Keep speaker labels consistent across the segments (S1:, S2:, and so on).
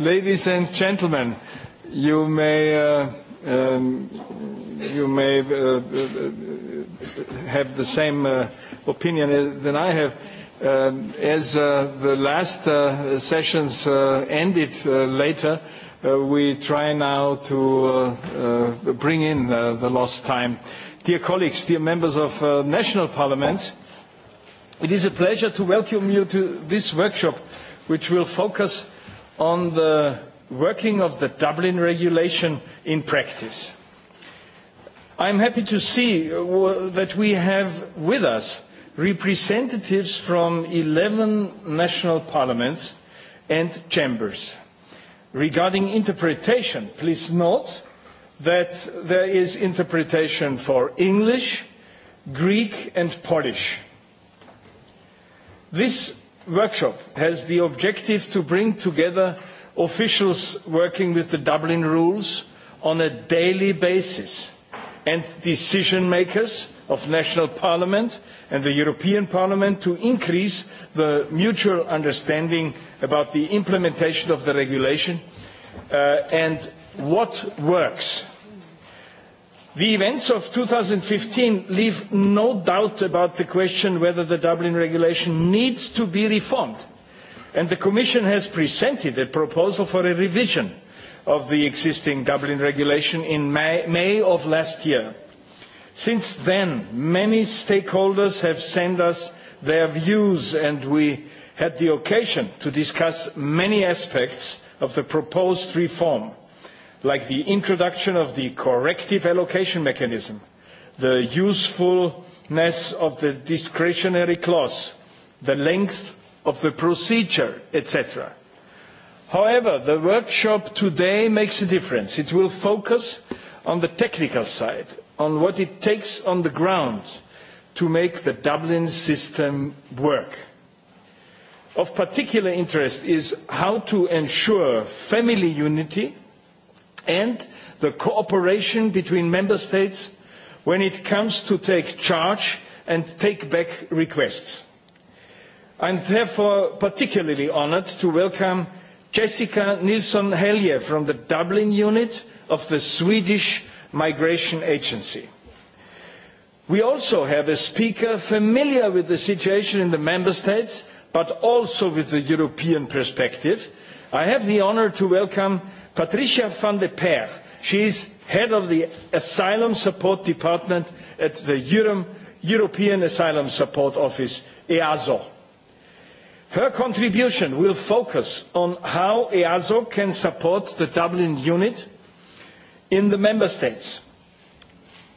S1: Ladies and gentlemen, you may, uh, um, you may uh, uh, have the same uh, opinion than I have. Um, as uh, the last uh, sessions uh, ended uh, later, uh, we try now to uh, uh, bring in uh, the lost time. Dear colleagues, dear members of uh, national parliaments, it is a pleasure to welcome you to this workshop, which will focus on the working of the Dublin regulation in practice. I'm happy to see uh, that we have with us representatives from 11 national parliaments and chambers. Regarding interpretation, please note that there is interpretation for English, Greek and Polish. This workshop has the objective to bring together officials working with the Dublin rules on a daily basis and decision makers of national parliament and the European Parliament to increase the mutual understanding about the implementation of the regulation uh, and what works The events of 2015 leave no doubt about the question whether the Dublin regulation needs to be reformed. And the Commission has presented a proposal for a revision of the existing Dublin regulation in May, May of last year. Since then, many stakeholders have sent us their views and we had the occasion to discuss many aspects of the proposed reform like the introduction of the corrective allocation mechanism, the usefulness of the discretionary clause, the length of the procedure, etc. However, the workshop today makes a difference. It will focus on the technical side, on what it takes on the ground to make the Dublin system work. Of particular interest is how to ensure family unity and the cooperation between member states when it comes to taking charge and taking back requests. I am therefore particularly honoured to welcome Jessica Nilsson helge from the Dublin unit of the Swedish Migration Agency. We also have a speaker familiar with the situation in the Member States, but also with the European perspective. I have the honour to welcome Patricia van de Peer, she is head of the Asylum Support Department at the Urum, European Asylum Support Office, EASO. Her contribution will focus on how EASO can support the Dublin unit in the Member States.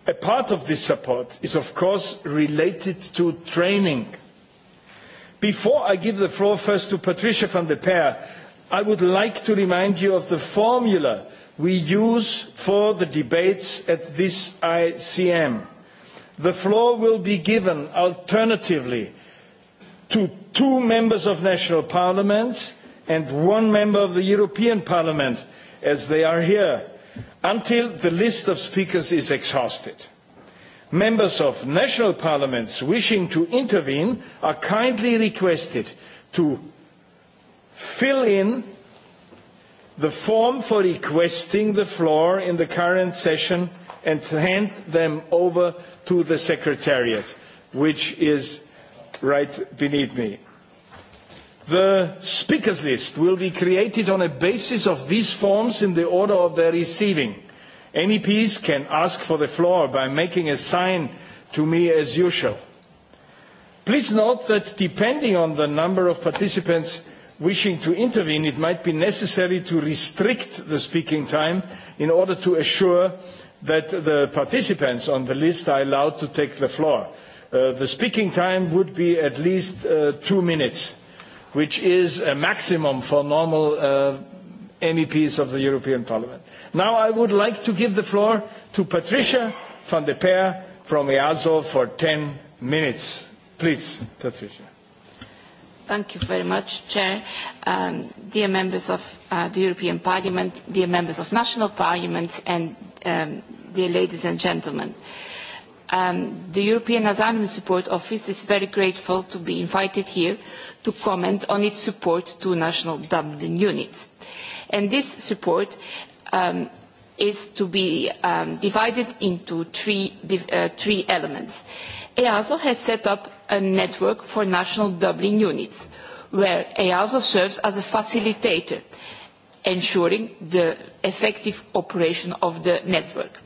S1: A part of this support is of course related to training. Before I give the floor first to Patricia van der Peer, I would like to remind you of the formula we use for the debates at this ICM. The floor will be given alternatively to two members of national parliaments and one member of the European Parliament, as they are here, until the list of speakers is exhausted. Members of national parliaments wishing to intervene are kindly requested to fill in the form for requesting the floor in the current session and hand them over to the secretariat, which is right beneath me. The speakers list will be created on a basis of these forms in the order of their receiving. MEPs can ask for the floor by making a sign to me as usual. Please note that depending on the number of participants, wishing to intervene, it might be necessary to restrict the speaking time in order to assure that the participants on the list are allowed to take the floor. Uh, the speaking time would be at least uh, two minutes, which is a maximum for normal uh, MEPs of the European Parliament. Now I would like to give the floor to Patricia van de Peer from EASO for 10 minutes. Please, Patricia.
S2: Thank you very much, Chair. Um, dear members of uh, the European Parliament, dear members of national parliaments, and um, dear ladies and gentlemen. Um, the European Asylum Support Office is very grateful to be invited here to comment on its support to national Dublin units. And this support um, is to be um, divided into three, uh, three elements. Uh, EASO has set up a network for national Dublin units, where EASO serves as a facilitator, ensuring the effective operation of the network.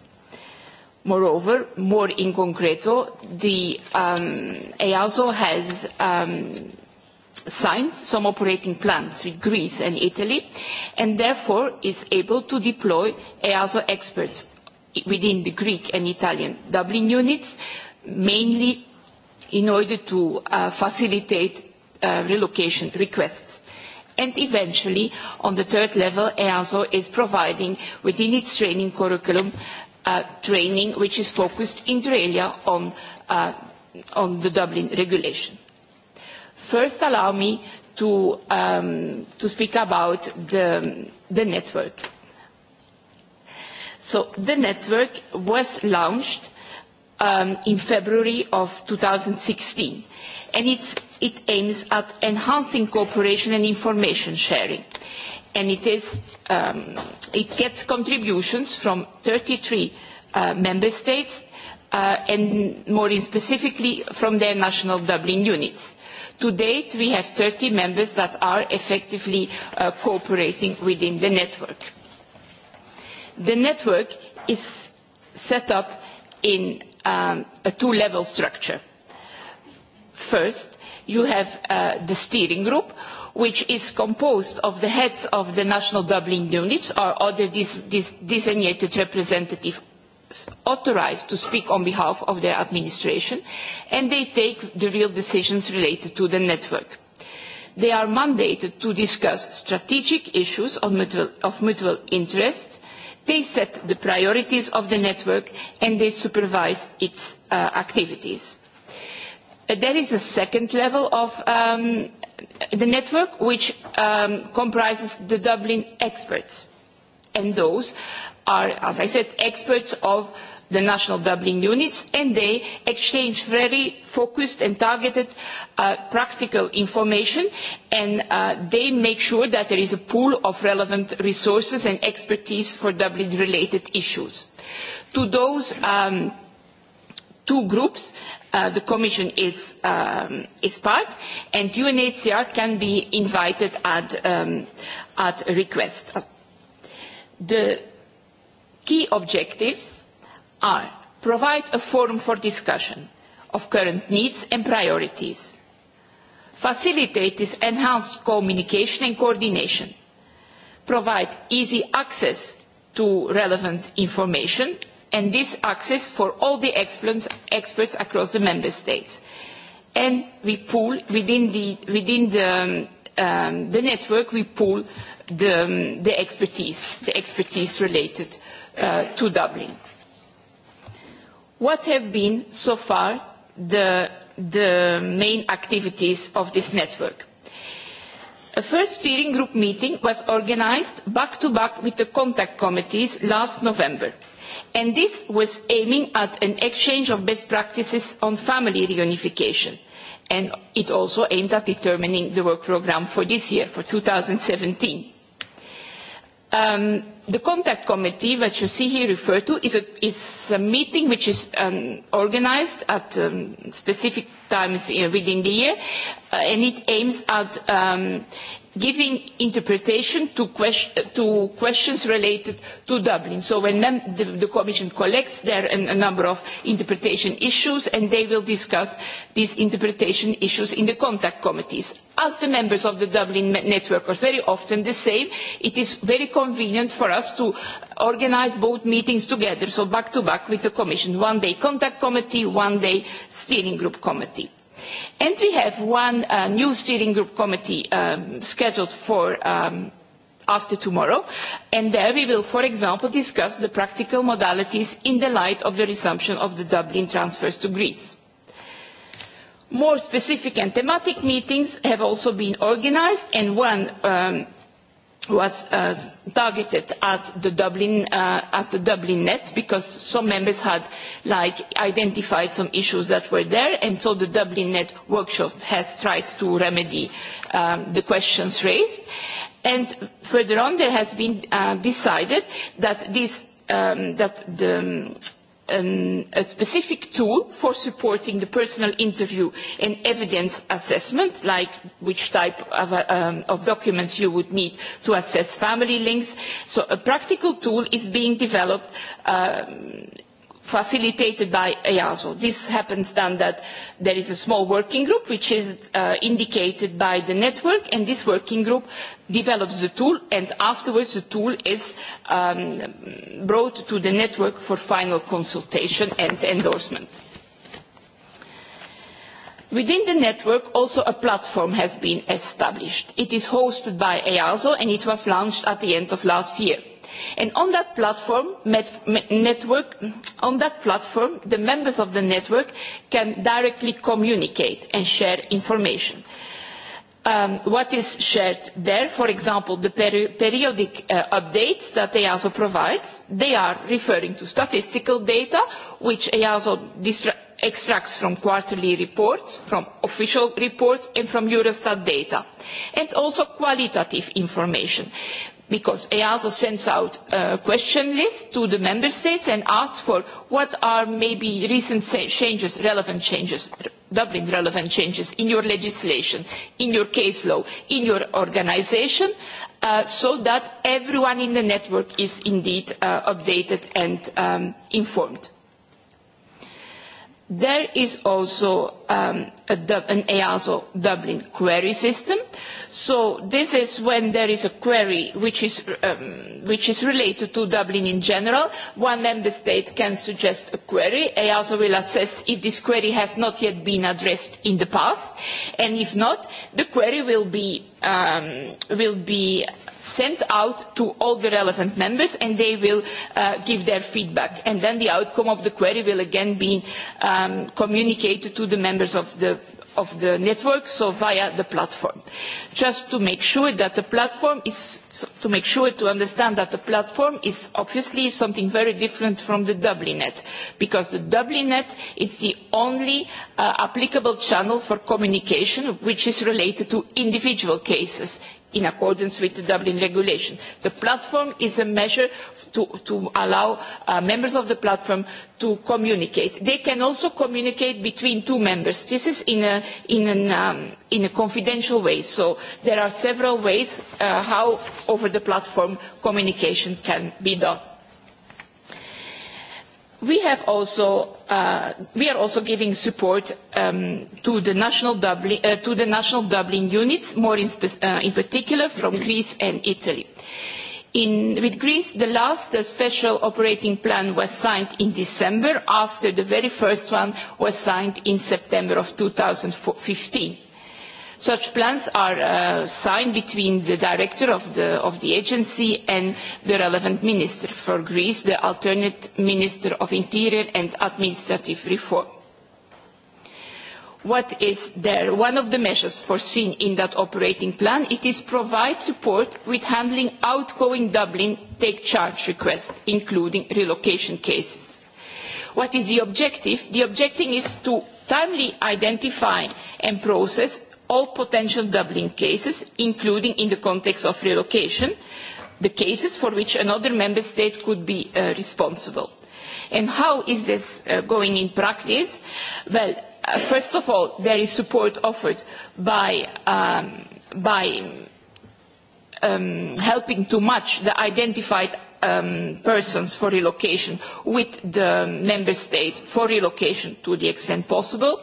S2: Moreover, more in concreto, the um, EASO has um, signed some operating plans with Greece and Italy, and therefore is able to deploy EASO experts within the Greek and Italian Dublin units mainly in order to uh, facilitate uh, relocation requests. And eventually, on the third level, EASO is providing within its training curriculum uh, training which is focused in alia on, uh, on the Dublin regulation. First, allow me to, um, to speak about the, the network. So the network was launched um, in February of 2016, and it's, it aims at enhancing cooperation and information sharing. And it, is, um, it gets contributions from 33 uh, member states, uh, and more specifically from their national Dublin units. To date, we have 30 members that are effectively uh, cooperating within the network. The network is set up in Um, a two-level structure. First, you have uh, the steering group, which is composed of the heads of the national Dublin units or other dis dis designated representatives authorised to speak on behalf of their administration, and they take the real decisions related to the network. They are mandated to discuss strategic issues of mutual, of mutual interest, They set the priorities of the network and they supervise its uh, activities. Uh, there is a second level of um, the network which um, comprises the Dublin experts. And those are, as I said, experts of the national Dublin units, and they exchange very focused and targeted uh, practical information, and uh, they make sure that there is a pool of relevant resources and expertise for Dublin-related issues. To those um, two groups, Uh, the Commission is, um, is part, and UNHCR can be invited at, um, at request. The key objectives are provide a forum for discussion of current needs and priorities, facilitate this enhanced communication and coordination, provide easy access to relevant information, and this access for all the experts, experts across the member states. And we pool within the, within the, um, um the network, we pool the, um, the expertise, the expertise related uh, to Dublin what have been so far the, the main activities of this network? A first steering group meeting was organised back to back with the contact committees last November, and this was aiming at an exchange of best practices on family reunification, and it also aimed at determining the work programme for this year, for 2017. Um, the contact committee that you see here referred to is a, is a meeting which is um, organized at um, specific times within the year, uh, and it aims at um, giving interpretation to, question, to questions related to Dublin. So when mem- the, the Commission collects there an, a number of interpretation issues and they will discuss these interpretation issues in the contact committees. As the members of the Dublin network are very often the same, it is very convenient for us to organise both meetings together, so back to back with the Commission, one day contact committee, one day steering group committee. And we have one uh, new steering group committee um, scheduled for um, after tomorrow, and there we will, for example, discuss the practical modalities in the light of the resumption of the Dublin transfers to Greece. More specific and thematic meetings have also been organised, and one um, was uh, targeted at the Dublin uh, at the Dublin net because some members had like identified some issues that were there and so the Dublin net workshop has tried to remedy um, the questions raised and further on there has been uh, decided that this um, that the um, um, a specific tool for supporting the personal interview and evidence assessment, like which type of, uh, um, of documents you would need to assess family links. So a practical tool is being developed um, facilitated by EASO. This happens then that there is a small working group which is uh, indicated by the network and this working group develops the tool and afterwards the tool is um, brought to the network for final consultation and endorsement. Within the network also a platform has been established. It is hosted by EASO and it was launched at the end of last year. And on that platform, network, on that platform the members of the network can directly communicate and share information. Uh, um, what is shared there, for example, the peri periodic uh, updates that EASO provides, they are referring to statistical data, which EASO extracts from quarterly reports, from official reports, and from Eurostat data, and also qualitative information because EASO sends out a uh, question list to the member states and asks for what are maybe recent changes, relevant changes, Dublin relevant changes in your legislation, in your case law, in your organisation, uh, so that everyone in the network is indeed uh, updated and um, informed. There is also um, a, an EASO Dublin query system. Uh, So this is when there is a query which is, um, which is related to Dublin in general. One member state can suggest a query. EASO will assess if this query has not yet been addressed in the past. And if not, the query will be, um, will be sent out to all the relevant members and they will uh, give their feedback. And then the outcome of the query will again be um, communicated to the members of the of the network, so via the platform. Just to make sure that the platform is, to make sure to understand that the platform is obviously something very different from the Dublinet, because the Dublinet is the only uh, applicable channel for communication which is related to individual cases in accordance with the Dublin regulation. The platform is a measure to, to allow uh, members of the platform to communicate. They can also communicate between two members. This is in a, in an, um, in a confidential way. So there are several ways uh, how over the platform communication can be done we have also uh, we are also giving support um, to the national Dublin uh, to the national Dublin units, more in, uh, in particular from Greece and Italy. In, with Greece, the last uh, special operating plan was signed in December after the very first one was signed in September of 2015 Such plans are uh, signed between the director of the, of the agency and the relevant minister. For Greece, the alternate minister of interior and administrative reform what is there. One of the measures foreseen in that operating plan, it is provide support with handling outgoing Dublin take charge requests, including relocation cases. What is the objective? The objective is to timely identify and process all potential Dublin cases, including in the context of relocation, the cases for which another member state could be uh, responsible. And how is this uh, going in practice? Well, uh, first of all, there is support offered by, um, by um, helping to match the identified um, persons for relocation with the member state for relocation to the extent possible.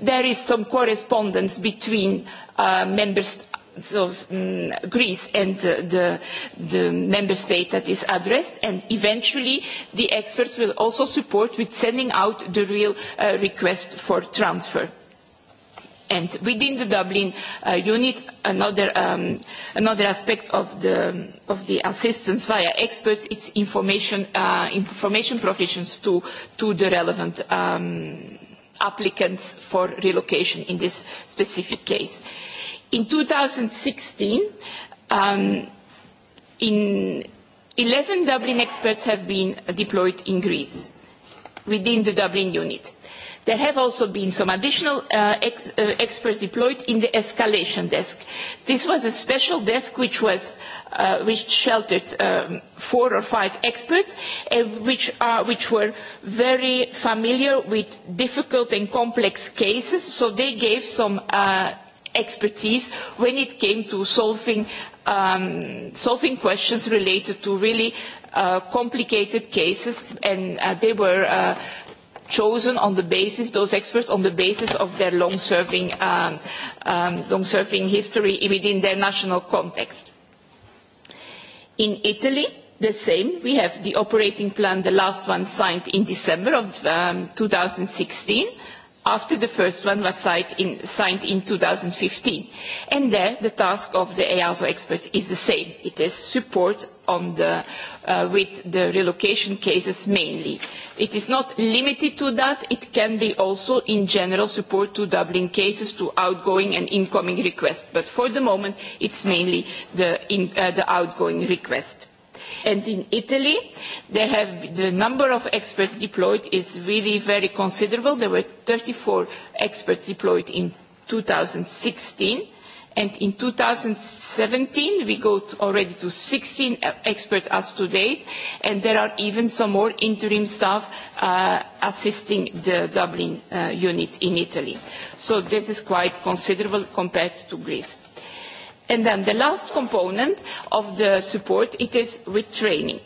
S2: There is some correspondence between uh, member so, um, Greece and the, uh, the, the, member state that is addressed, and eventually the experts will also support with sending out the real uh, request for transfer And within the Dublin uh, unit, another, um, another aspect of the, of the assistance via experts is information, uh, information provisions to, to the relevant um, applicants for relocation in this specific case. In 2016, um, in 11 Dublin experts have been deployed in Greece within the Dublin unit There have also been some additional uh, uh, experts deployed in the escalation desk. This was a special desk which was uh, which sheltered um, four or five experts, uh, which, are, uh, which were very familiar with difficult and complex cases, so they gave some uh, expertise when it came to solving, um, solving questions related to really uh, complicated cases, and uh, they were uh, chosen on the basis, those experts, on the basis of their long-serving um, um, long history within their national context. In Italy, the same. We have the operating plan, the last one signed in December of um, 2016, after the first one was signed in, signed in 2015. And there, the task of the EASO experts is the same. It is support Uh, with the relocation cases mainly. It is not limited to that. It can be also in general support to Dublin cases, to outgoing and incoming requests. But for the moment, it is mainly the, in, uh, the outgoing request. And in Italy, they have the number of experts deployed is really very considerable. There were 34 experts deployed in 2016 and in two thousand and seventeen we go already to sixteen experts as to date and there are even some more interim staff uh, assisting the Dublin uh, unit in Italy. So this is quite considerable compared to Greece. And then the last component of the support, it is with training.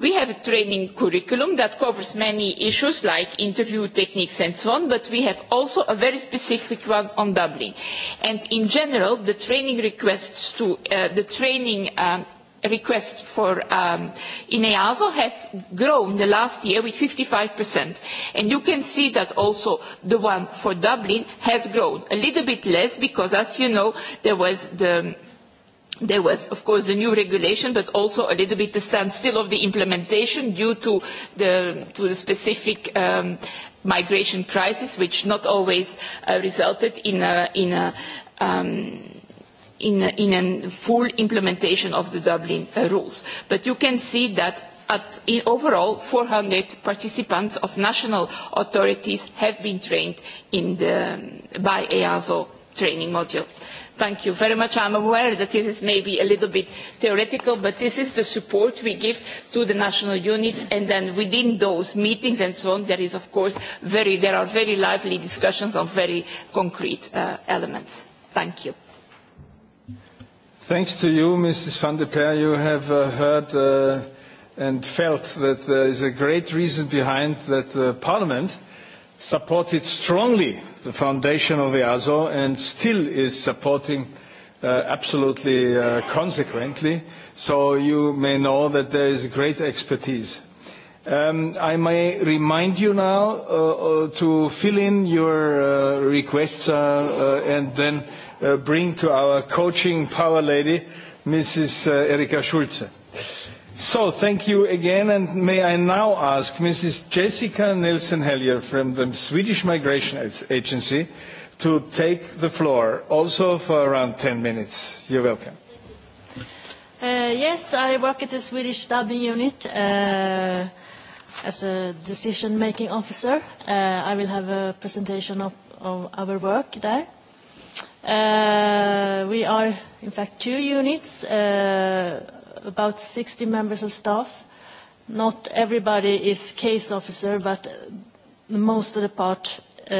S2: We have a training curriculum that covers many issues like interview techniques and so on, but we have also a very specific one on dublin And in general, the training requests to uh, the training um, request for um, in EASO have grown the last year with 55%. And you can see that also the one for Dublin has grown a little bit less because, as you know, there was the there was of course the new regulation but also a little bit the standstill of the implementation due to the, to the specific um, migration crisis which not always uh, resulted in a, in a um, in, a, in a full implementation of the Dublin uh, rules. But you can see that at in overall 400 participants of national authorities have been trained in the, by EASO training module. Thank you very much. I'm aware that this is maybe a little bit theoretical, but this is the support we give to the national units, and then within those meetings and so on, there is of course very, there are very lively discussions on very concrete uh, elements. Thank you.
S1: Thanks to you, Mrs. van der Peer. You have uh, heard uh, and felt that there is a great reason behind that uh, Parliament supported strongly the foundation of EASO and still is supporting uh, absolutely uh, consequently. So you may know that there is great expertise. Um, I may remind you now uh, uh to fill in your uh, requests uh, uh, and then uh, bring to our coaching power lady, Mrs. Uh, Erika Schulze. So thank you again, and may I now ask Mrs. Jessica Nielsen-Hellier from the Swedish Migration Agency to take the floor, also for around 10 minutes. You're
S3: welcome.
S4: Uh, yes, I work at the Swedish Dublin unit uh, as a decision-making officer. Uh, I will have a presentation of, of our work there. Uh, we are, in fact, two units. Uh, about 60 members of staff. Not everybody is case officer, but most of the part uh,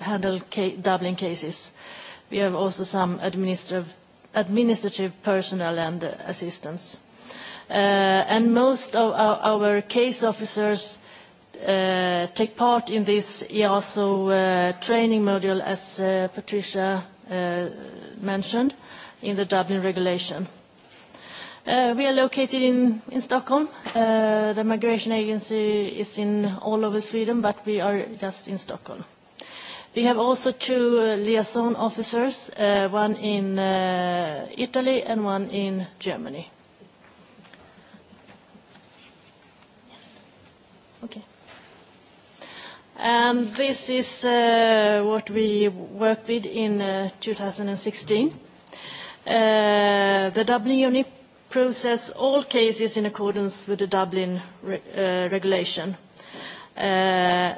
S4: handle ca Dublin cases. We have also some administrative, administrative personnel and uh, assistants. Uh, and most of our, our case officers uh, take part in this EASO uh, training module, as uh, Patricia uh, mentioned, in the Dublin regulation. Uh, we are located in, in Stockholm. Uh, the migration agency is in all over Sweden, but we are just in Stockholm. We have also two uh, liaison officers, uh, one in uh, Italy and one in Germany. Yes. Okay. And this is uh, what we worked with in uh, 2016. Uh, the Dublin unit process all cases in accordance with the Dublin re uh, regulation. Uh,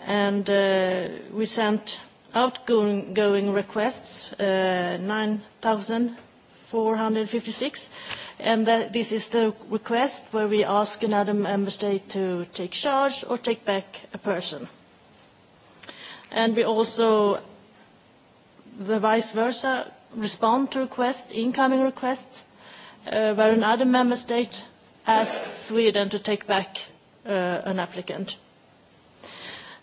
S4: and uh, we sent outgoing requests, uh, 9,456, and that this is the request where we ask another member state to take charge or take back a person. And we also, the vice versa, respond to requests, incoming requests, Uh, where another member state asks Sweden to take back uh, an applicant.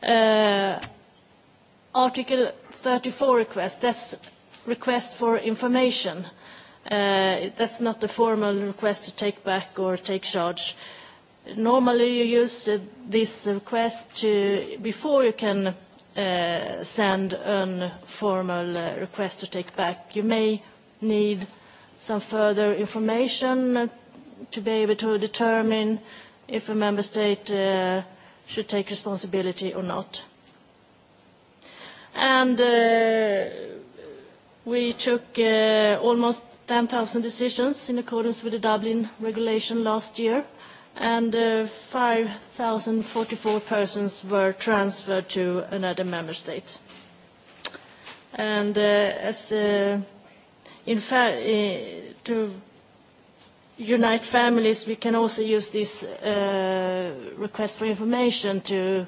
S4: Uh, Article 34 request, that's request for information. Uh, that's not a formal request to take back or take charge. Normally you use uh, this request to, before you can uh, send a formal uh, request to take back. You may need some further information to be able to determine if a member state uh, should take responsibility or not. And uh, we took uh, almost 10,000 decisions in accordance with the Dublin regulation last year, and uh, 5,044 persons were transferred to another member state. And uh, as uh, in fa- uh, to unite families, we can also use this uh, request for information to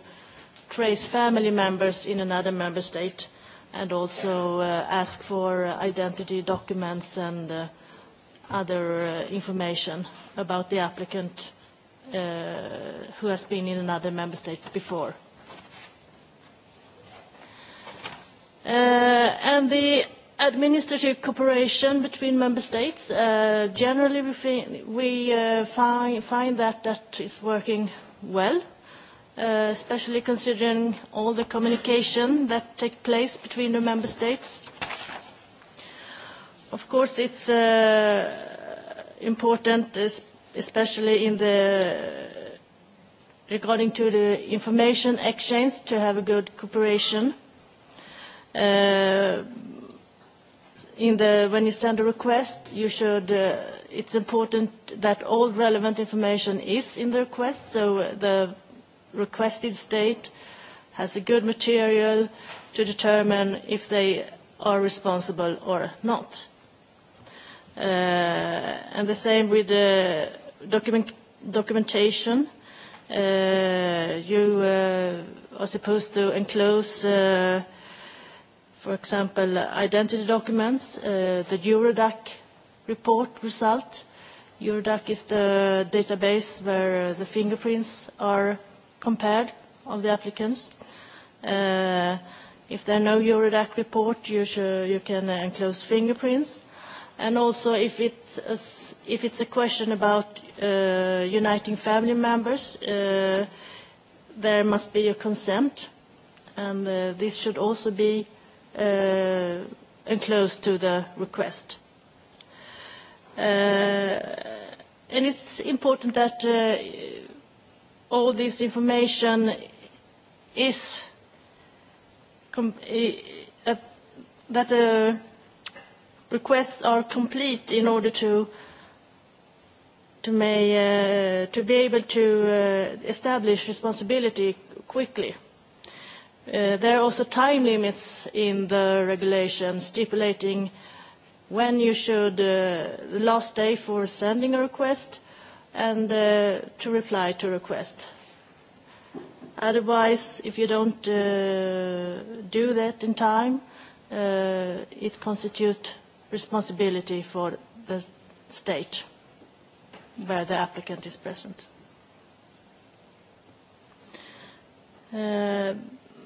S4: trace family members in another member state and also uh, ask for identity documents and uh, other uh, information about the applicant uh, who has been in another member state before. Uh, and the administrative cooperation between member states. Uh, generally, we, we uh, find, find that that is working well, uh, especially considering all the communication that take place between the member states. Of course, it's uh, important, especially in the regarding to the information exchange, to have a good cooperation. Uh, in the, when you send a request, you should, uh, it's important that all relevant information is in the request, so uh, the requested state has a good material to determine if they are responsible or not. Uh, and the same with the document, documentation. Uh, you uh, are supposed to enclose uh, for example, identity documents, uh, the Eurodac report result. Eurodac is the database where uh, the fingerprints are compared of the applicants. Uh, if there are no Eurodac report, you, should, you can enclose fingerprints. And also, if it's a, if it's a question about uh, uniting family members, uh, there must be a consent, and uh, this should also be uh, enclosed to the request. Uh, and it's important that uh, all this information is com uh, uh that the uh, requests are complete in order to to, may, uh, to be able to uh, establish responsibility quickly. Uh, Uh, there are also time limits in the regulation stipulating when you should, uh, the last day for sending a request and uh, to reply to request. Otherwise, if you don't do that in time, it constitutes responsibility for the state where the applicant is present.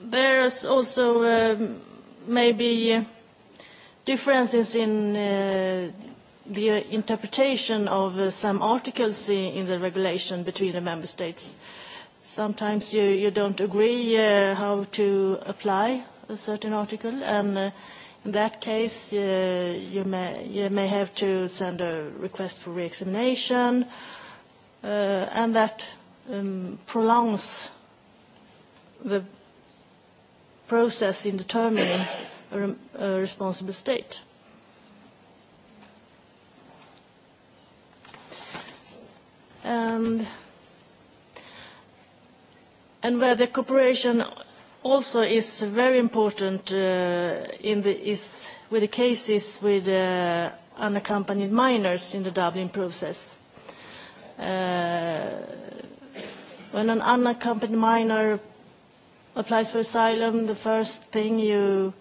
S4: There's also uh, maybe differences in uh, the interpretation of uh, some articles in the regulation between the member states. Sometimes you, you don't agree uh, how to apply a certain article, and uh, in that case, uh, you, may, you may have to send a request for re-examination, uh, and that um, prolongs the process in determining a, a responsible state. And, and where the cooperation also is very important uh, in the, is with the cases with uh, unaccompanied minors in the Dublin process. Uh, when an unaccompanied minor applies for asylum, the first thing you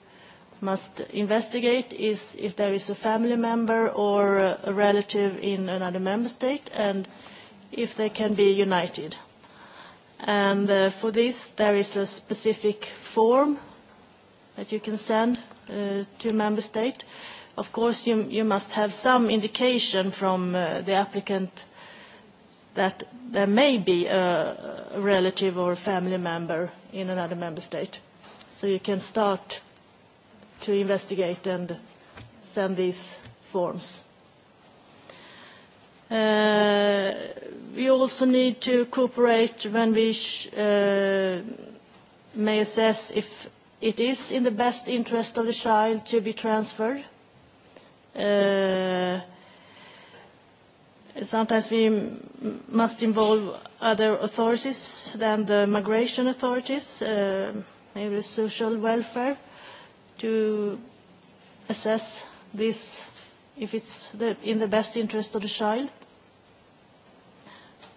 S4: must investigate is if there is a family member or a relative in another member state and if they can be united. And uh, for this, there is a specific form that you can send uh, to a member state. Of course, you, you must have some indication from uh, the applicant that there may be a relative or a family member in another member state. So you can start to investigate and send these forms. Uh, we also need to cooperate when we uh, may assess if it is in the best interest of the child to be transferred. Uh, Sometimes we must involve other authorities than the migration authorities, uh, maybe social welfare, to assess this if it's the, in the best interest of the child.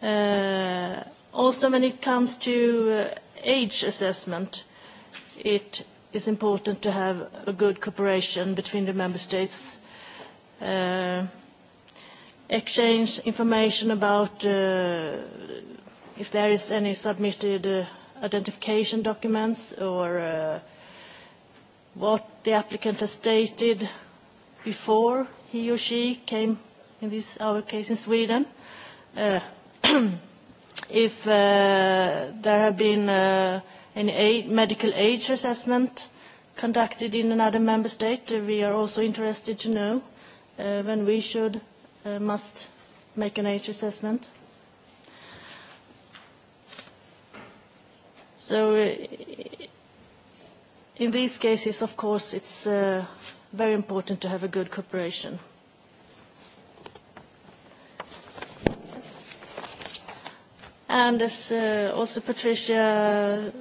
S4: Uh, also, when it comes to uh, age assessment, it is important to have a good cooperation between the member states. Uh, exchange information about uh, if there is any submitted uh, identification documents or uh, what the applicant has stated before he or she came, in this our case in Sweden. Uh, if uh, there have been uh, any aid, medical age assessment conducted in another member state, uh, we are also interested to know uh, when we should Uh, must make an age assessment. So uh, in these cases, of course, it's uh, very important to have a good cooperation. And as uh, also Patricia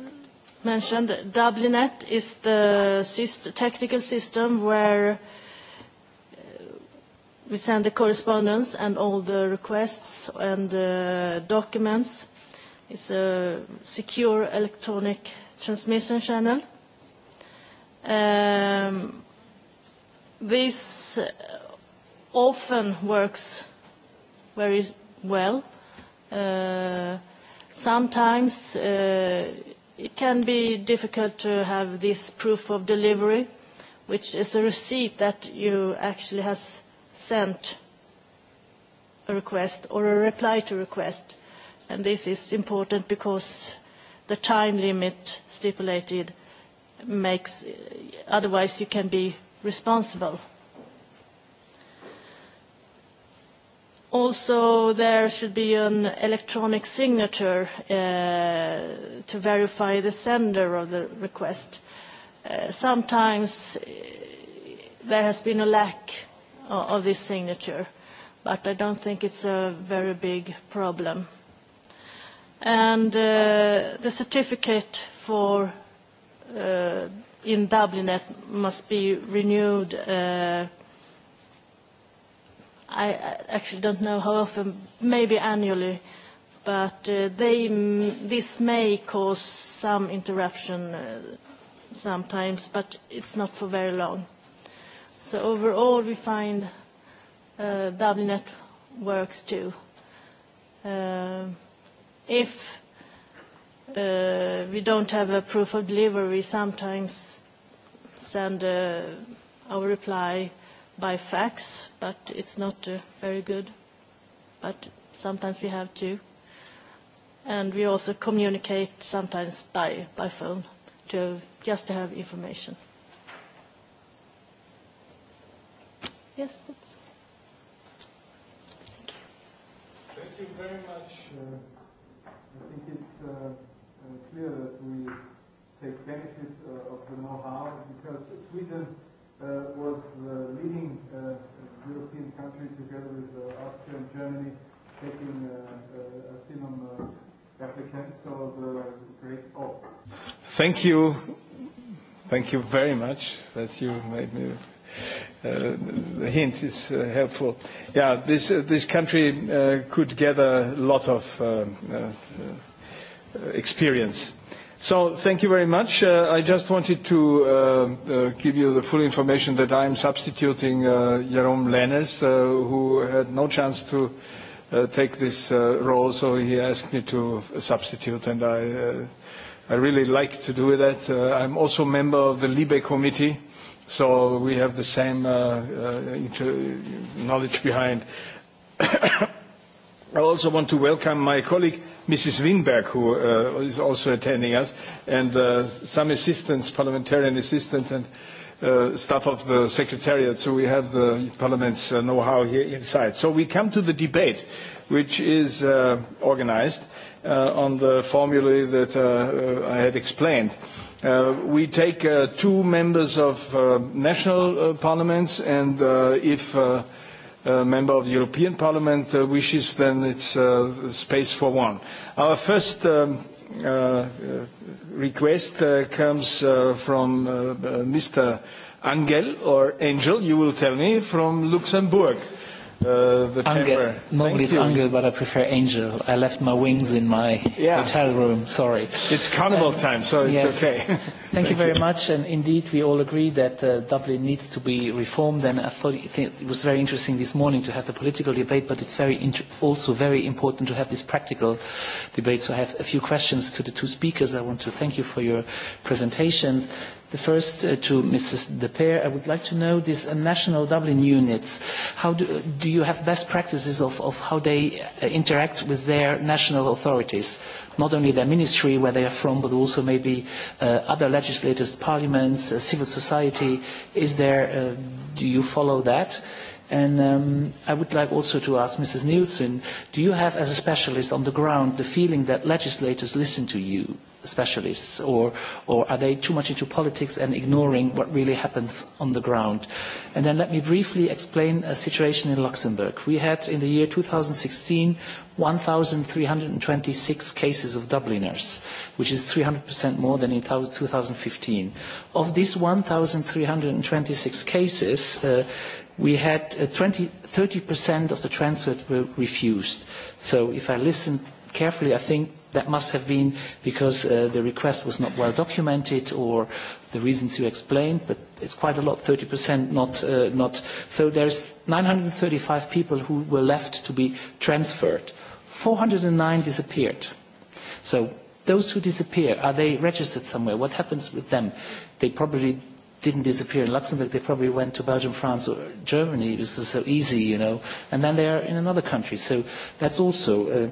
S4: mentioned, Dublinet is the syst technical system where uh, we send the correspondence and all the requests and uh, documents. It's a secure electronic transmission channel. Um, this uh, often works very well. Uh, sometimes uh, it can be difficult to have this proof of delivery, which is a receipt that you actually have sent a request or a reply to request. And this is important because the time limit stipulated makes, otherwise you can be responsible. Also, there should be an electronic signature uh, to verify the sender of the request. Uh, sometimes uh, there has been a lack of this signature, but I don't think it's a very big problem. And uh, the certificate for uh, in Dublinet must be renewed. Uh, I actually don't know how often, maybe annually, but uh, they, this may cause some interruption uh, sometimes, but it's not for very long. So overall, we find uh, Dublinet works too. Uh, if uh, we don't have a proof of delivery, sometimes send uh, our reply by fax, but it's not uh, very good. But sometimes we have to. And we also communicate sometimes by, by phone to just to have information.
S1: Thank you very much. Uh, I think it's uh, uh, clear that we take benefit uh, of the know-how because Sweden uh, was the leading uh, European country together with uh, Austria and Germany taking uh, uh, asylum uh, applicants. So the great. hope. Thank you Thank you very much that you made me. Uh, the hint is uh, helpful. Yeah, this, uh, this country uh, could gather a lot of uh, uh, experience. So thank you very much. Uh, I just wanted to uh, uh, give you the full information that I'm substituting uh, Jerome Lenners, uh, who had no chance to uh, take this uh, role, so he asked me to substitute, and I uh, I really like to do that. Uh, I'm also a member of the LIBE committee, so we have the same uh, uh, knowledge behind. I also want to welcome my colleague, Mrs. Winberg, who uh, is also attending us, and uh, some assistants, parliamentarian assistants, and uh, staff of the secretariat, so we have the parliament's uh, know-how here inside. So we come to the debate, which is uh, organized Uh, on the formulae that uh, uh, I had explained. we take two members of national parliaments, and if a member of the European Parliament wishes, then it's space for one. Our first um, request comes from Mr. Angel, or Angel, you will tell me, from Luxembourg.
S5: Uh, the Angel. chamber. Nobody's Angel, but I prefer Angel. I left my wings in my yeah. hotel room. Sorry. It's carnival um, time, so it's yes. okay. Thank, Thank you very you. much. And indeed, we all agree that uh, Dublin needs to be reformed. And I thought it was very interesting this morning to have the political debate, but it's very also very important to have this practical debate. So I have a few questions to the two speakers. I want to thank you for your presentations. The first uh, to Mrs. Depere, I would like to know these uh, national Dublin units. How do, do you have best practices of, of how they uh, interact with their national authorities? Not only their ministry, where they are from, but also maybe uh, other legislators, parliaments, uh, civil society. Is there, uh, do you follow that? And um, I would like also to ask Mrs. Nielsen, do you have, as a specialist on the ground, the feeling that legislators listen to you, specialists, or, or are they too much into politics and ignoring what really happens on the ground? And then let me briefly explain a situation in Luxembourg. We had, in the year 2016, 1,326 cases of Dubliners, which is 300% more than in 2015. Of these 1,326 cases, uh, we had 30% uh, of the transfers were refused. So if I listen carefully, I think that must have been because uh, the request was not well documented or the reasons you explained, but it's quite a lot, 30% not, uh, not. So there's 935 people who were left to be transferred. 409 disappeared. So those who disappear, are they registered somewhere? What happens with them? They probably didn't disappear in Luxembourg, they probably went to Belgium, France, or Germany. It was so easy, you know. And then they are in another country. So that's also. Uh,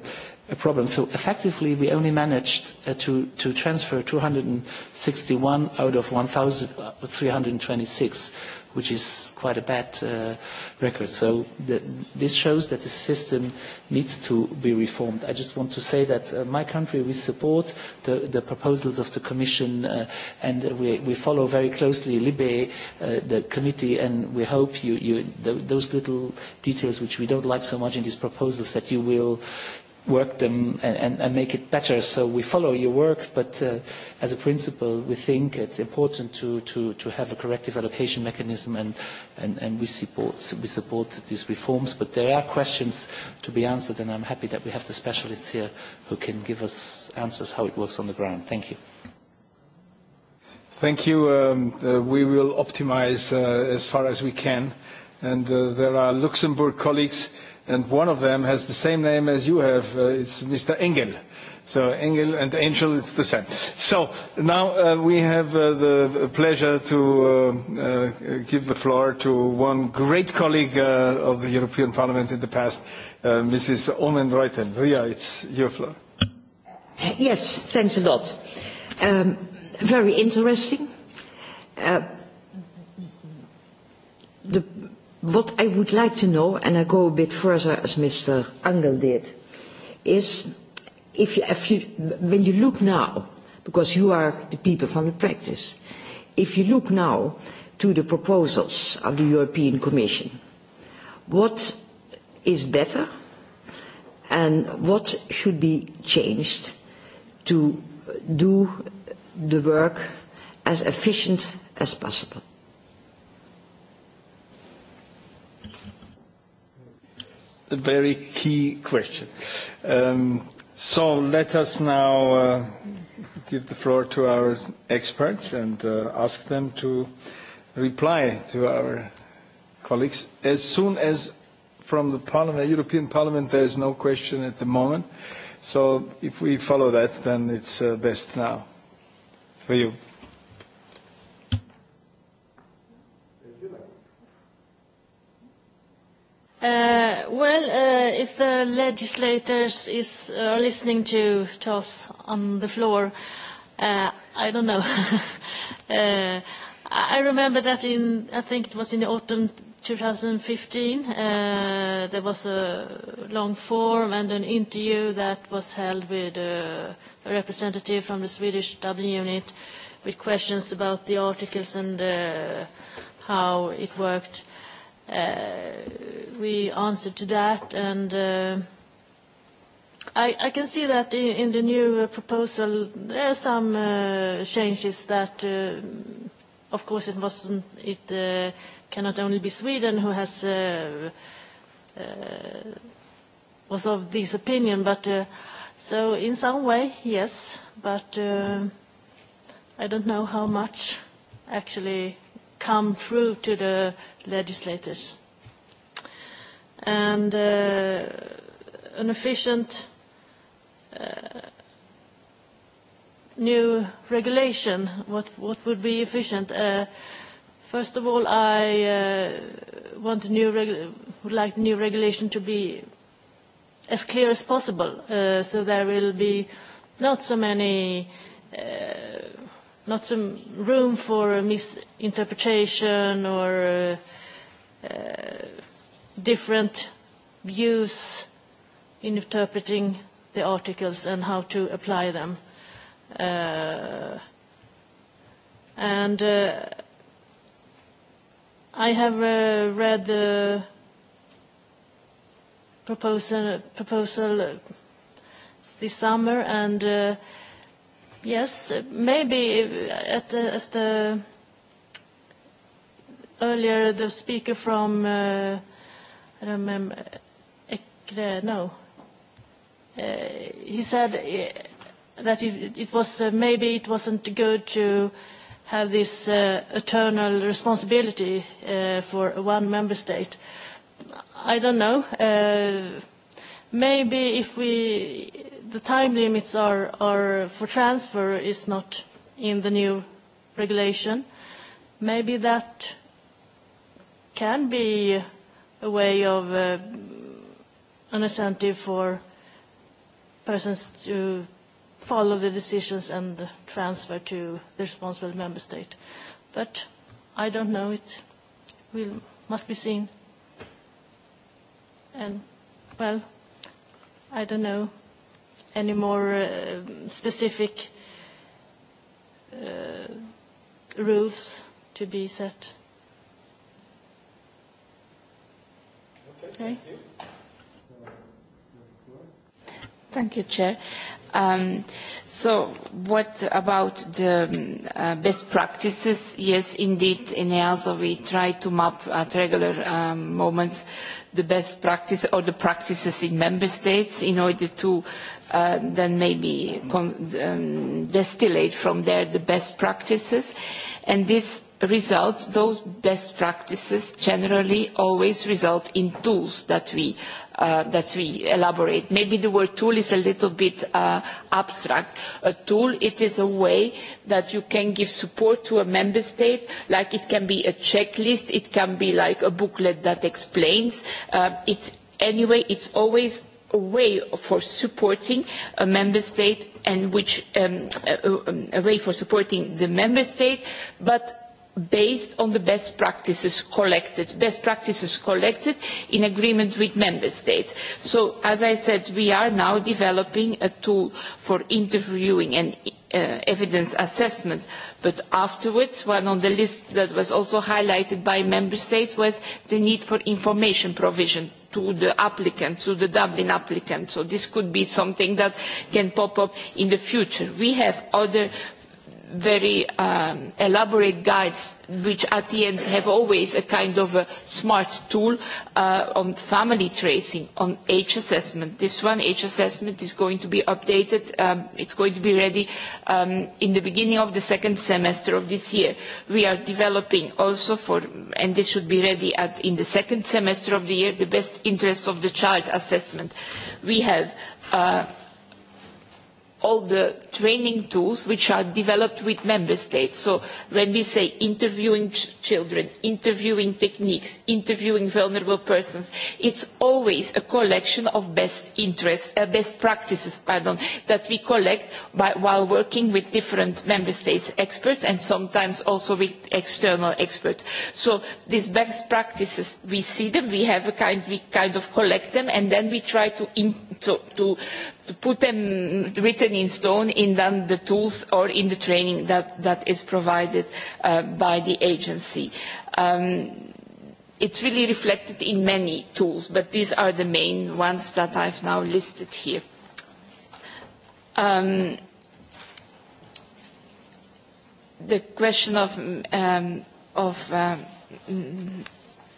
S5: a problem. So effectively, we only managed uh, to, to transfer 261 out of 1,326, uh, which is quite a bad uh, record. So the, this shows that the system needs to be reformed. I just want to say that uh, my country, we support the, the proposals of the Commission uh, and we, we follow very closely LIBE, uh, the committee, and we hope you, you, th those little details which we don't like so much in these proposals that you will, work them and, and, and make it better. So we follow your work, but uh, as a principle, we think it's important to, to, to have a corrective allocation mechanism, and, and, and we, support, we support these reforms. But there are questions to be answered, and I'm happy that we have the specialists here who can give us answers how it works on the ground. Thank you.
S1: Thank you. Um, uh, we will optimize uh, as far as we can. And uh, there are Luxembourg colleagues and one of them has the same name as you have. Uh, it's Mr. Engel. So Engel and Angel, it's the same. So now uh, we have uh, the pleasure to uh, uh, give the floor to one great colleague uh, of the European Parliament in the past, uh, Mrs. Omen Reuten. Ria, it's your floor.
S6: Yes, thanks a lot. Um, very interesting. Uh, the What I would like to know, and I go a bit further as Mr. Angel did, is if you, if you, when you look now, because you are the people from the practice, if you look now to the proposals of the European Commission, what is better and what should be changed to do the work as efficient as possible?
S1: a very key question. Um, so let us now uh, give the floor to our experts and uh, ask them to reply to our colleagues. As soon as from the Parliament, European Parliament, there is no question at the moment. So if we follow that, then it's uh, best now for you.
S4: Uh, well, uh, if the legislators is uh, listening to, to us on the floor, uh, I don't know. uh, I remember that in, I think it was in the autumn 2015, uh, there was a long form and an interview that was held with uh, a representative from the Swedish Dublin unit with questions about the articles and uh, how it worked. Uh, uh, we answered to that. And uh, I, I can see that in, in the new uh, proposal there are some uh, changes that, uh, of course, it wasn't. It uh, cannot only be Sweden who has. Uh, uh, was of this opinion, but uh, so in some way, yes, but uh, I don't know how much actually come through to the legislators. And uh, an efficient uh, new regulation, what, what would be efficient? Uh, first of all, I uh, want a new would like new regulation to be as clear as possible, uh, so there will be not so many uh, not some room for misinterpretation or uh, uh, different views in interpreting the articles and how to apply them. Uh, and uh, I have uh, read the proposal, proposal this summer and uh, Yes, maybe at the, as the earlier the speaker from uh, I don't remember ECRE, no, uh, he said uh, that it, it was uh, maybe it wasn't good to have this uh, eternal responsibility uh, for one member state. I don't know. Uh, maybe if we the time limits are, are for transfer is not in the new regulation. Maybe that can be a way of uh, an incentive for persons to follow the decisions and transfer to the responsible member state. But I don't know. It will, must be seen. And, well, I don't know any more uh, specific uh, rules to be set. Okay.
S2: Thank you, Chair. Um, so what about the um, uh, best practices? Yes, indeed, in EASO we try to map at regular um, moments the best practice or the practices in member states in order to uh, then maybe con um, distillate from there the best practices. And this result, those best practices generally always result in tools that we Uh, that we elaborate. Maybe the word tool is a little bit uh, abstract. A tool, it is a way that you can give support to a member state, like it can be a checklist, it can be like a booklet that explains. Uh, it anyway, it's always a way for supporting a member state and which um, a, a way for supporting the member state, but based on the best practices collected, best practices collected in agreement with member states. So, as I said, we are now developing a tool for interviewing and uh, evidence assessment, but afterwards, one on the list that was also highlighted by member states was the need for information provision to the applicant, to the Dublin applicant. So this could be something that can pop up in the future. We have other very um, elaborate guides which at the end have always a kind of a smart tool uh, on family tracing, on age assessment. This one, age assessment, is going to be updated. Um, it's going to be ready um, in the beginning of the second semester of this year. We are developing also for, and this should be ready at, in the second semester of the year, the best interest of the child assessment. We have uh, all the training tools which are developed with member states. So when we say interviewing ch children, interviewing techniques, interviewing vulnerable persons, it's always a collection of best interests, uh, best practices, pardon, that we collect by, while working with different member states experts and sometimes also with external experts. So these best practices, we see them, we have a kind, we kind of collect them, and then we try to, to, to to put them written in stone in the, the tools or in the training that, that is provided uh, by the agency. Um, it's really reflected in many tools, but these are the main ones that I've now listed here. Um, the question of, um, of um,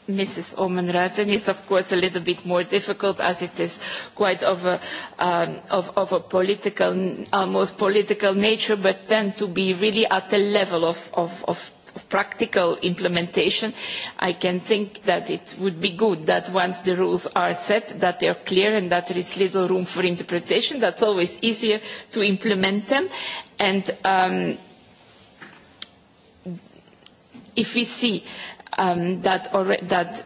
S2: Mrs. oomen Ruijten is of course a little bit more difficult as it is quite of a, um, of, of a political, almost political nature, but then to be really at the level of, of, of practical implementation, I can think that it would be good that once the rules are set, that they are clear and that there is little room for interpretation. That's always easier to implement them. And um, if we see uh, um, that, that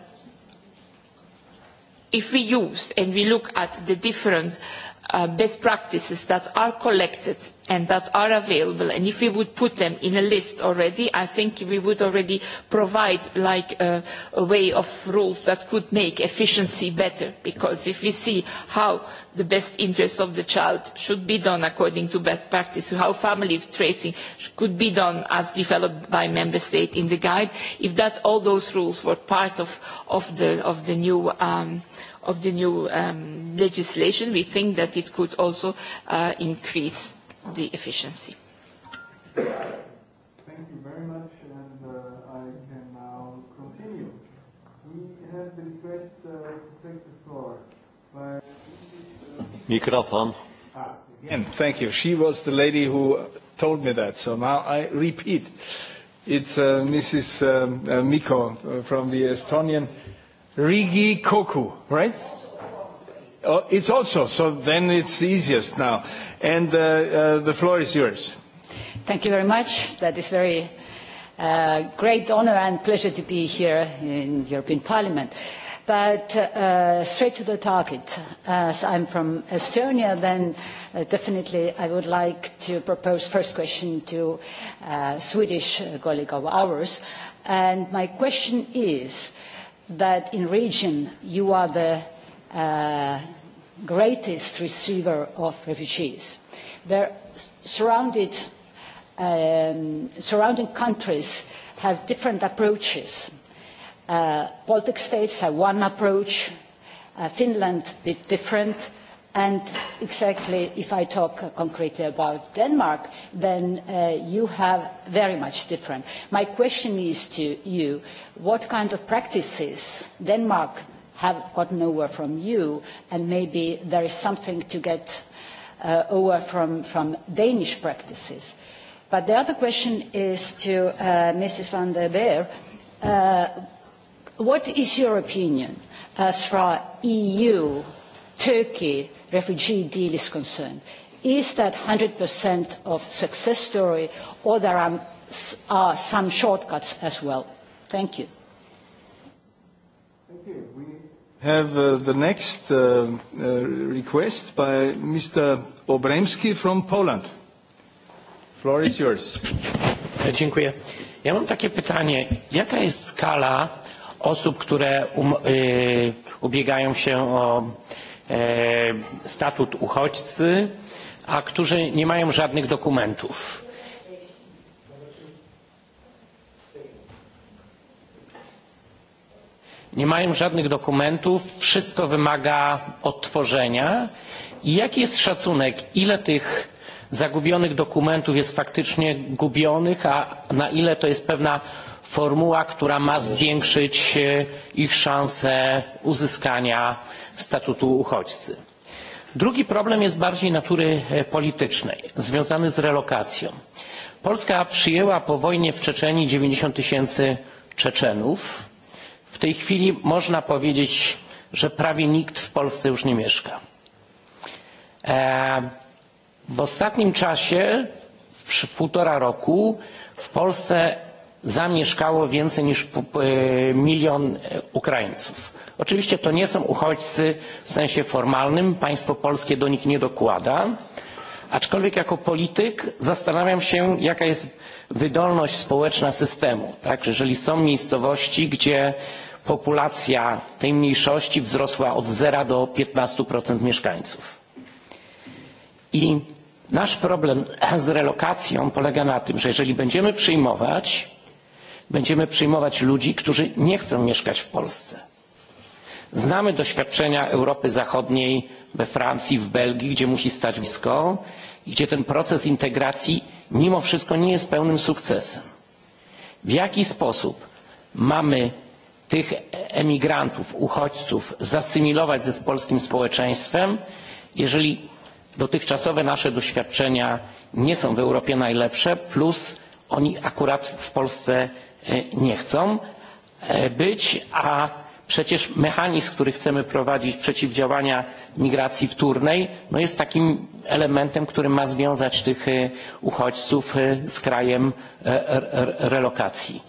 S2: if we use and we look at the different Uh, best practices that are collected and that are available and if we would put them in a list already i think we would already provide like a, uh, a way of rules that could make efficiency better because if we see how the best interests of the child should be done according to best practice how family tracing could be done as developed by member state in the guide if that all those rules were part of, of, the, of the new um, of the new um, legislation, we think that it could also uh, increase the efficiency. Thank
S1: you very much, and uh, I can now continue. We have the request uh, to take the floor by Microphone. Ah, again, thank you. She was the lady who told me that, so now I repeat. It's uh, Mrs. Um, uh, Miko uh, from the Estonian Rigi Koku, right? Oh, it's also, so then it's the easiest now. And uh, uh, the floor is yours.
S7: Thank you very much. That is very uh, great honor and pleasure to be here in European Parliament. But uh, straight to the target, as I'm from Estonia, then uh, definitely I would like to propose first question to uh, Swedish colleague of ours. And my question is, uh, that in region you are the uh, greatest receiver of refugees. The surrounded, um, surrounding countries have different approaches. Uh, Baltic states have one approach, uh, Finland bit different, And exactly, if I talk concretely about Denmark, then uh, you have very much different. My question is to you, what kind of practices Denmark have gotten over from you, and maybe there is something to get uh, over from, from Danish practices. But the other question is to uh, Mrs. van der Beer. Uh, what is your opinion as far as EU Turkey refugee deal is concerned. Is that 100% of success story or there are, are some shortcuts as well? Thank you.
S1: Thank you. We have uh, the next uh, uh, request by Mr. Obremski from Poland. Floor is yours.
S3: E, dziękuję. Ja mam takie pytanie. Jaka jest skala osób, które um, y, ubiegają się o E, statut uchodźcy, a którzy nie mają żadnych dokumentów. Nie mają żadnych dokumentów, wszystko wymaga odtworzenia. I jaki jest szacunek, ile tych zagubionych dokumentów jest faktycznie gubionych, a na ile to jest pewna formuła, która ma zwiększyć e, ich szanse uzyskania statutu uchodźcy. Drugi problem jest bardziej natury e, politycznej, związany z relokacją. Polska przyjęła po wojnie w Czeczenii 90 tysięcy Czeczenów. W tej chwili można powiedzieć, że prawie nikt w Polsce już nie mieszka. E, w ostatnim czasie, w półtora roku, w Polsce zamieszkało więcej niż e, milion Ukraińców. Oczywiście to nie są uchodźcy w sensie formalnym, państwo polskie do nich nie dokłada, aczkolwiek jako polityk zastanawiam się, jaka jest wydolność społeczna systemu. Tak? Jeżeli są miejscowości, gdzie populacja tej mniejszości wzrosła od 0 do 15% mieszkańców. I nasz problem z relokacją polega na tym, że jeżeli będziemy przyjmować, będziemy przyjmować ludzi, którzy nie chcą mieszkać w Polsce Znamy doświadczenia Europy Zachodniej we Francji, w Belgii, gdzie musi stać blisko i gdzie ten proces integracji mimo wszystko nie jest pełnym sukcesem. W jaki sposób mamy tych emigrantów, uchodźców zasymilować ze z polskim społeczeństwem, jeżeli dotychczasowe nasze doświadczenia nie są w Europie najlepsze, plus oni akurat w Polsce e, nie chcą e, być, a Przecież mechanizm, który chcemy prowadzić przeciwdziałania migracji wtórnej, no jest takim elementem, który ma związać tych e, uchodźców e, z krajem e, relokacji.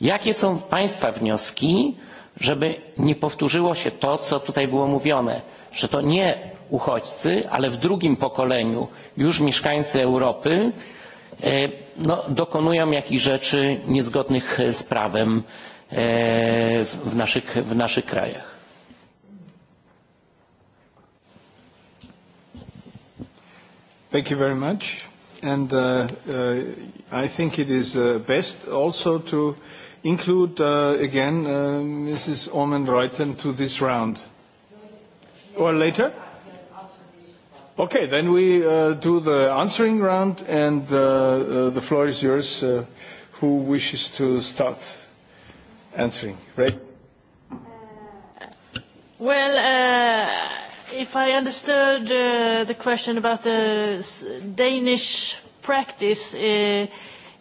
S3: Jakie są Państwa wnioski, żeby nie powtórzyło się to, co tutaj było mówione, że to nie uchodźcy, ale w drugim pokoleniu już mieszkańcy Europy no, dokonują jakichś rzeczy niezgodnych z prawem E, w naszych, w naszych krajach. Thank you very much.
S1: And uh, uh, I think it is uh, best also to include uh, again uh, Mrs. Orman reuten to this round. Or later? Okay, then we uh, do the answering round, and uh, uh, the floor is yours. Uh, who wishes to start? answering, right?
S4: Well, uh, if I understood uh, the question about the Danish practice, uh,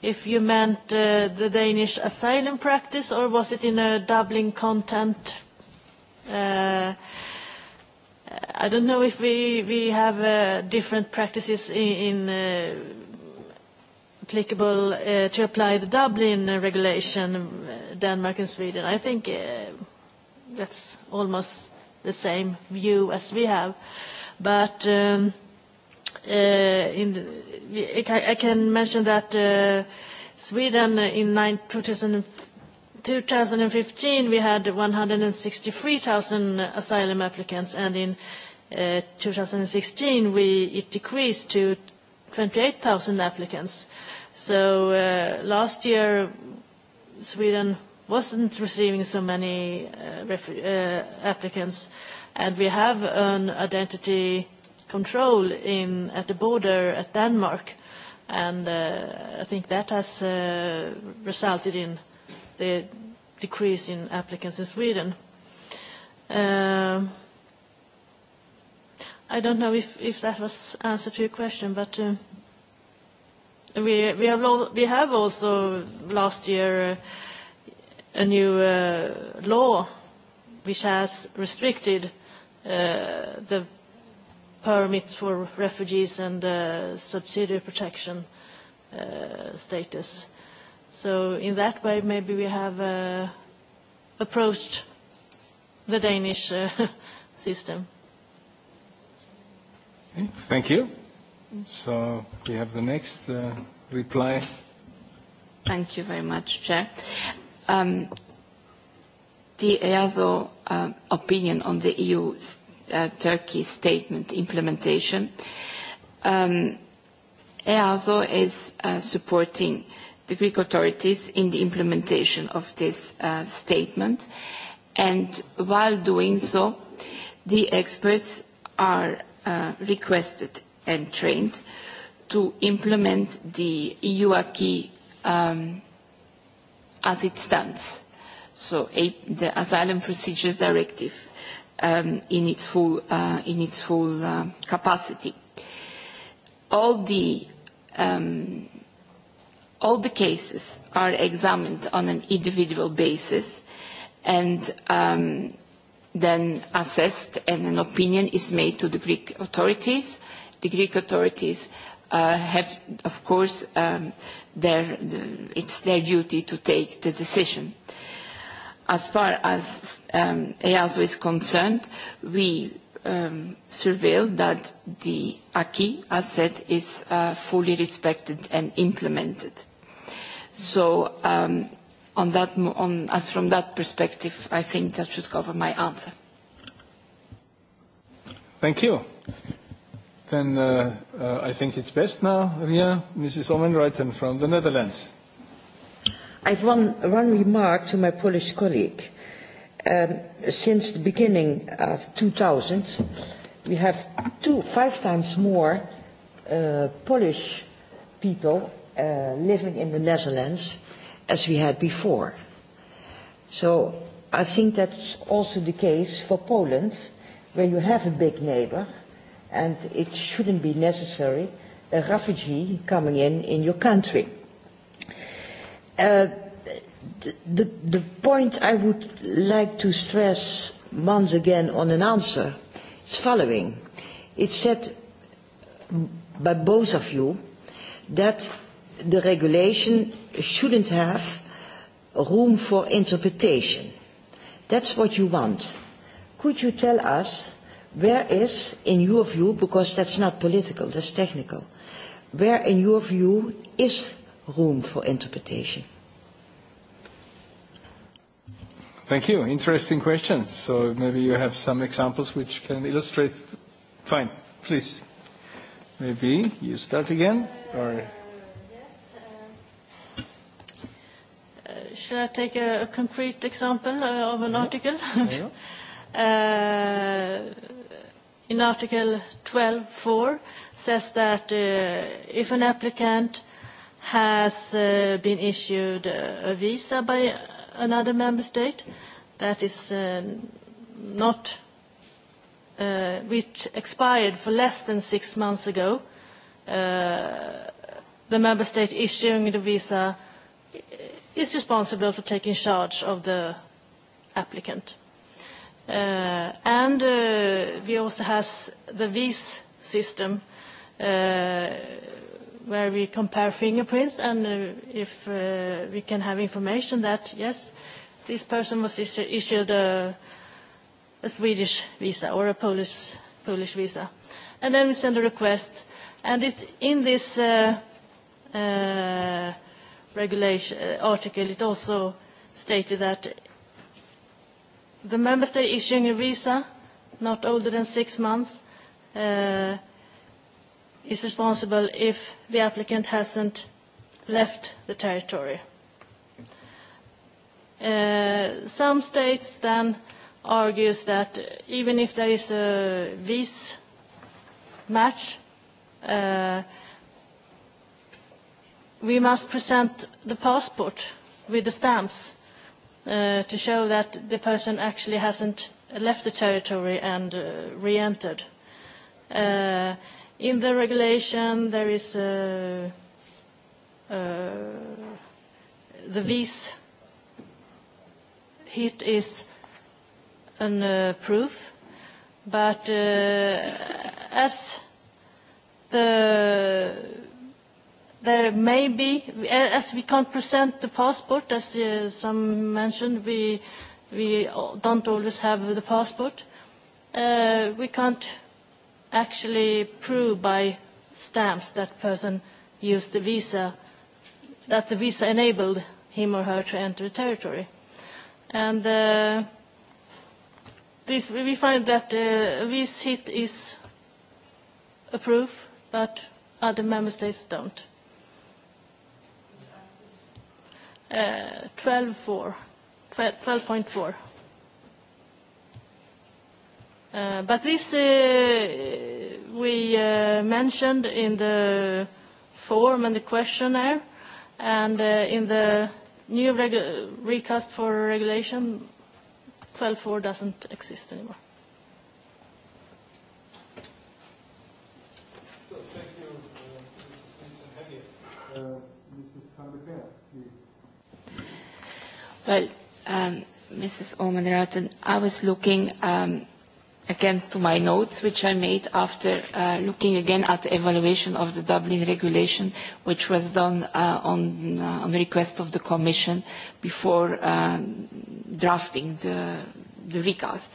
S4: if you meant uh, the Danish asylum practice, or was it in a Dublin content? Uh, I don't know if we, we have uh, different practices in, in uh, applicable uh, to apply the Dublin regulation, uh, Denmark and Sweden. I think uh, that's almost the same view as we have. But um, uh, in, I can mention that uh, Sweden uh, in 2015 we had 163,000 asylum applicants and in uh, 2016 we, it decreased to 28,000 applicants. So uh, last year, Sweden wasn't receiving so many uh, ref uh, applicants, and we have an identity control in at the border at Denmark, and uh, I think that has uh, resulted in the decrease in applicants in Sweden. Uh, I don't know if, if that was answer to your question, but. Uh, We, have, also last year uh, a new uh, law which has restricted uh, the permits for refugees and subsidiary protection status. So in that way, maybe we have approached the Danish uh, system.
S1: Thank you. So we have the next uh, reply.
S2: Thank you very much, Chair. Um, the EASO uh, opinion on the EU uh, Turkey statement implementation. Um, EASO is uh, supporting the Greek authorities in the implementation of this uh, statement. And while doing so, the experts are uh, requested and trained to implement the EU acquis um, as it stands, so a, the Asylum Procedures Directive um, in its full, uh, in its full uh, capacity. All the, um, all the cases are examined on an individual basis and um, then assessed and an opinion is made to the Greek authorities the Greek authorities uh, have, of course, um, their, the, it's their duty to take the decision. As far as um, EASO is concerned, we um, surveil that the acquis, asset is uh, fully respected and implemented. So um, on that, on, as from that perspective, I think that should cover my answer.
S1: Thank you. Then uh, uh, I think it's best now, Ria, Mrs. Omenreuthen from the Netherlands.
S6: I have one, one remark to my Polish colleague. Um, since the beginning of 2000, we have two, five times more uh, Polish people uh, living in the Netherlands as we had before. So I think that's also the case for Poland, where you have a big neighbor – and it shouldn't be necessary, a refugee coming in in your country. Uh, the, the point I would like to stress once again on an answer is following. It's said by both of you that the regulation shouldn't have room for interpretation. That's what you want. Could you tell us Where is, in your view, because that's not political, that's technical, where, in your view, is room for interpretation?
S1: Thank you. Interesting question. So maybe you have some examples which can illustrate. Fine, please. Maybe you start again, or.
S4: Uh, should I take a, a concrete example uh, of an article? yeah. uh, in Article 12.4 says that uh, if an applicant has uh, been issued a visa by another member state that is uh, not uh, which expired for less than six months ago, uh, the member state issuing the visa is responsible for taking charge of the applicant. Eh, and uh, we also has the VIS system uh, where we compare fingerprints and uh, if uh, we can have information that, yes, this person was issu issued a, a Swedish visa or a Polish, Polish visa. And then we send a request. And it, in this uh, uh, regulation uh, article, it also stated that the member state issuing a visa not older than six months uh, is responsible if the applicant hasn't left the territory. Uh, some states then argues that even if there is a visa match, uh, we must present the passport with the stamps Uh, to show that the person actually hasn't left the territory and uh, re-entered. Uh, in the regulation, there is uh, uh, the visa. hit is a uh, proof, but uh, as the there may be, as we can't present the passport, as uh, some mentioned, we, we don't always have the passport. Uh, we can't actually prove by stamps that person used the visa, that the visa enabled him or her to enter the territory. And uh, this, we find that uh, this hit is a proof, but other member states don't. 12.4. uh, but this uh, we uh, mentioned in the form and the questionnaire and uh, in the new regu recast for regulation 12.4 doesn't exist anymore.
S2: Well, um, Mrs. Omenraten, I was looking um, again to my notes, which I made after uh, looking again at the evaluation of the Dublin regulation, which was done uh, on, uh, on request of the Commission before um, drafting the, the recast.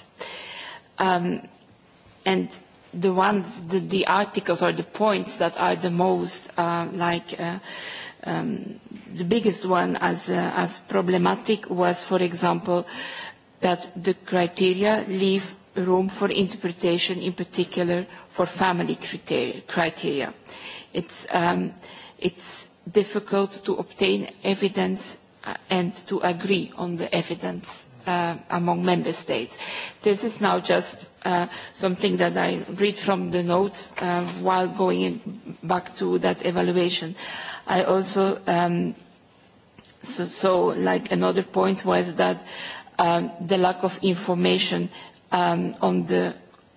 S2: Um, and the ones, the, the articles or the points that are the most uh, like uh, um, the biggest one as, uh, as problematic was, for example, that the criteria leave room for interpretation, in particular for family criteria. It's, um, it's difficult to obtain evidence uh, and to agree on the evidence uh, among member states. This is now just uh, something that I read from the notes uh, while going in back to that evaluation. Uh, I also, um, so, so like another point was that um, the lack of information um, on, the,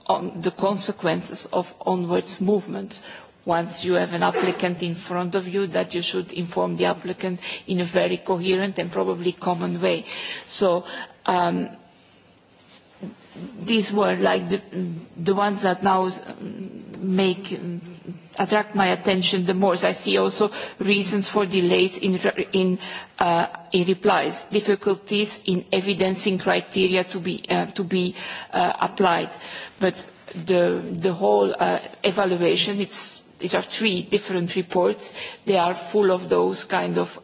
S2: on the consequences of onwards movements, once you have an applicant in front of you that you should inform the applicant in a very coherent and probably common way. So um, these were like the, the ones that now make attract my attention the most. I see also reasons for delays in, in, uh, in replies, difficulties in evidencing criteria to be, uh, to be uh, applied. But the, the whole uh, evaluation, it's, it are three different reports. They are full of those kind of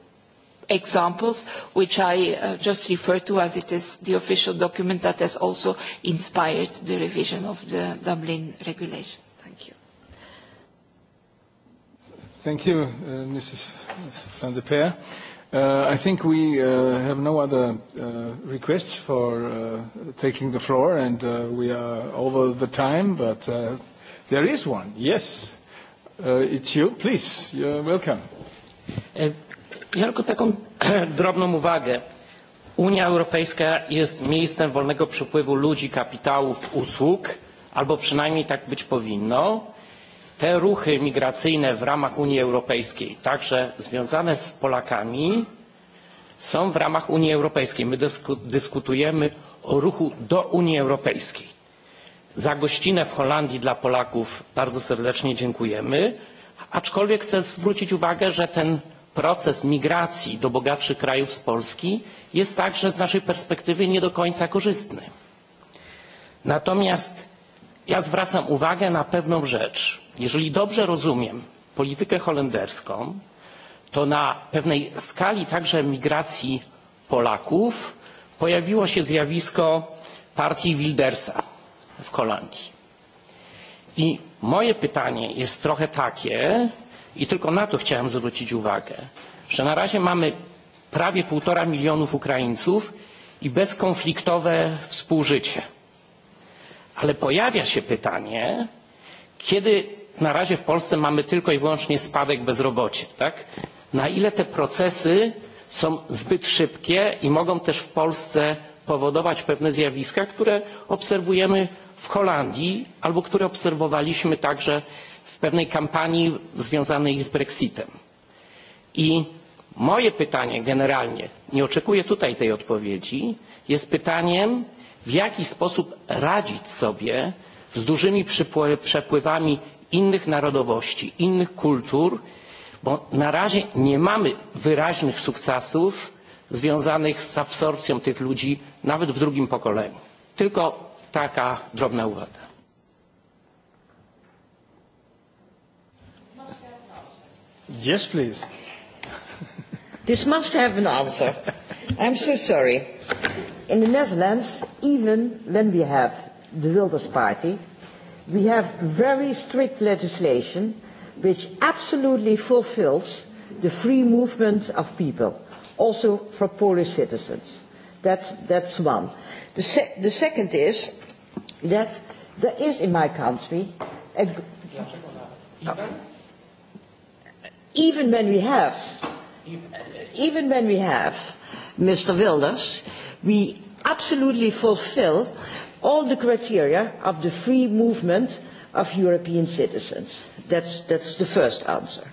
S2: examples, which I uh, just referred to as it is the official document that has also inspired the revision of the Dublin regulation. Thank you.
S1: Thank you, uh, Mrs. van der Peer. Uh, I think we uh, have no other uh, requests for uh, taking the floor, and uh, we are over the time, but uh, there is one. Yes, uh, it's you. Please, you're welcome.
S3: Uh, Ja tylko taką drobną uwagę. Unia Europejska jest miejscem wolnego przepływu ludzi, kapitałów, usług, albo przynajmniej tak być powinno. Te ruchy migracyjne w ramach Unii Europejskiej, także związane z Polakami, są w ramach Unii Europejskiej. My dysku, dyskutujemy o ruchu do Unii Europejskiej. Za gościnę w Holandii dla Polaków bardzo serdecznie dziękujemy, aczkolwiek chcę zwrócić uwagę, że ten proces migracji do bogatszych krajów z Polski jest także z naszej perspektywy nie do końca korzystny. Natomiast ja zwracam uwagę na pewną rzecz. Jeżeli dobrze rozumiem politykę holenderską, to na pewnej skali także migracji Polaków pojawiło się zjawisko partii Wildersa w Holandii. I moje pytanie jest trochę takie, I tylko na to chciałem zwrócić uwagę, że na razie mamy prawie półtora milionów Ukraińców i bezkonfliktowe współżycie. Ale pojawia się pytanie, kiedy na razie w Polsce mamy tylko i wyłącznie spadek bezrobocia, tak? na ile te procesy są zbyt szybkie i mogą też w Polsce powodować pewne zjawiska, które obserwujemy w Holandii albo które obserwowaliśmy także w pewnej kampanii związanej z Brexitem. I moje pytanie generalnie, nie oczekuję tutaj tej odpowiedzi, jest pytaniem, w jaki sposób radzić sobie z dużymi przepływami innych narodowości, innych kultur, bo na razie nie mamy wyraźnych sukcesów związanych z absorpcją tych ludzi nawet w drugim pokoleniu. Tylko taka drobna uwaga. Yes, please.
S6: this must have an answer. I'm so sorry. In the Netherlands, even when we have the Wilders Party, we have very strict legislation which absolutely fulfills the free movement of people, also for Polish citizens. That's, that's one. The, se- the second is that there is in my country a. G- oh even when we have, even when we have Mr. Wilders, we absolutely fulfill all the criteria of the free movement of European citizens. That's, that's the first answer.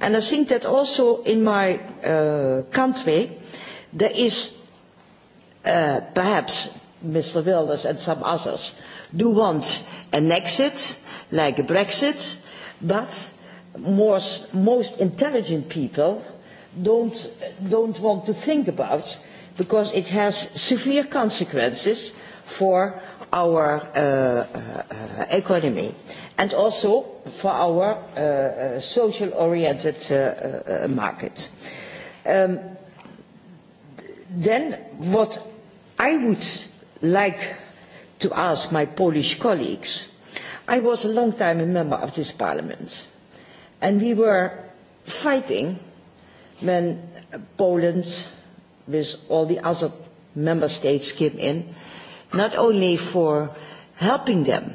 S6: And I think that also in my uh, country, there is uh, perhaps Mr. Wilders and some others do want an exit, like a Brexit, but most, most intelligent people don't, don't want to think about because it has severe consequences for our uh, uh, uh economy and also for our uh, uh social-oriented uh, uh, market. Um, then what I would like to ask my Polish colleagues, I was a long time a member of this parliament And we were fighting when Poland, with all the other member states, came in, not only for helping them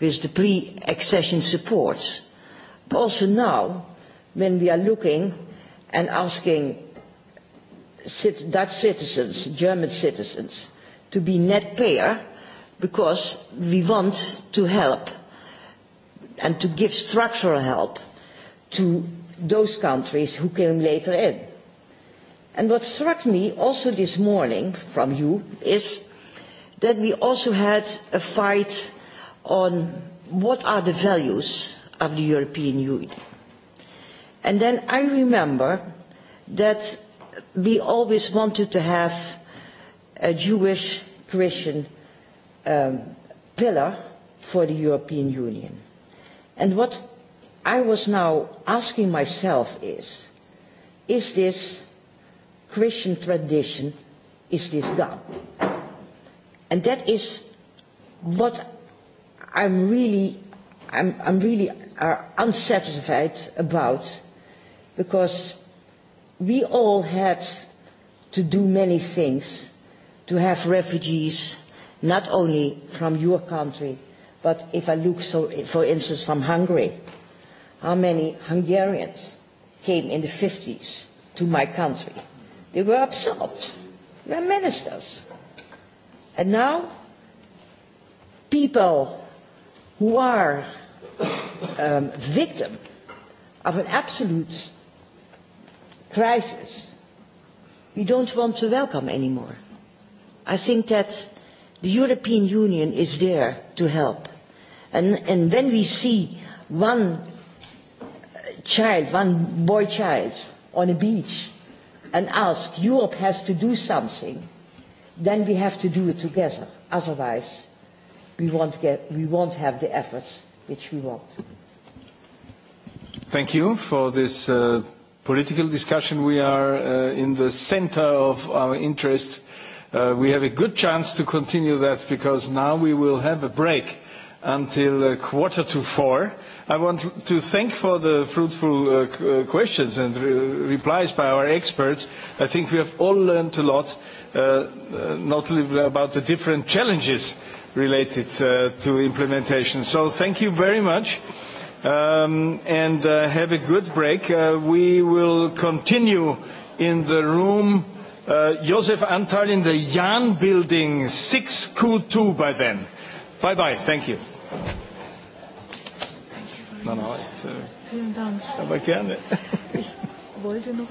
S6: with the pre-accession support, but also now when we are looking and asking Dutch citizens, German citizens, to be net payer because we want to help and to give structural help to those countries who came later in. And what struck me also this morning from you is that we also had a fight on what are the values of the European Union. And then I remember that we always wanted to have a Jewish Christian um, pillar for the European Union. And what I was now asking myself is, is this Christian tradition, is this God? And that is what I'm really, I'm, I'm really are uh, unsatisfied about, because we all had to do many things to have refugees, not only from your country, but if I look, so, for instance, from Hungary how many Hungarians came in the 50s to my country. They were absorbed, They were ministers. And now, people who are um, victim of an absolute crisis, we don't want to welcome anymore. I think that the European Union is there to help. And, and when we see one child, one boy child, on a beach and ask, Europe has to do something, then we have to do it together. Otherwise, we won't, get, we won't have the efforts which we want.
S1: Thank you for this uh, political discussion. We are uh, in the center of our interest. Uh, we have a good chance to continue that because now we will have a break until uh, quarter to four I want to thank for the fruitful uh, uh, questions and re replies by our experts. I think we have all learned a lot, uh, uh, not only about the different challenges related uh, to implementation. So thank you very much. Um, and uh, have a good break. Uh, we will continue in the room uh, Josef Antal in the Jan building 6Q2 by then. Bye bye. Thank you.
S7: Nein, nein, jetzt, äh, Vielen Dank. Aber gerne. Ich wollte noch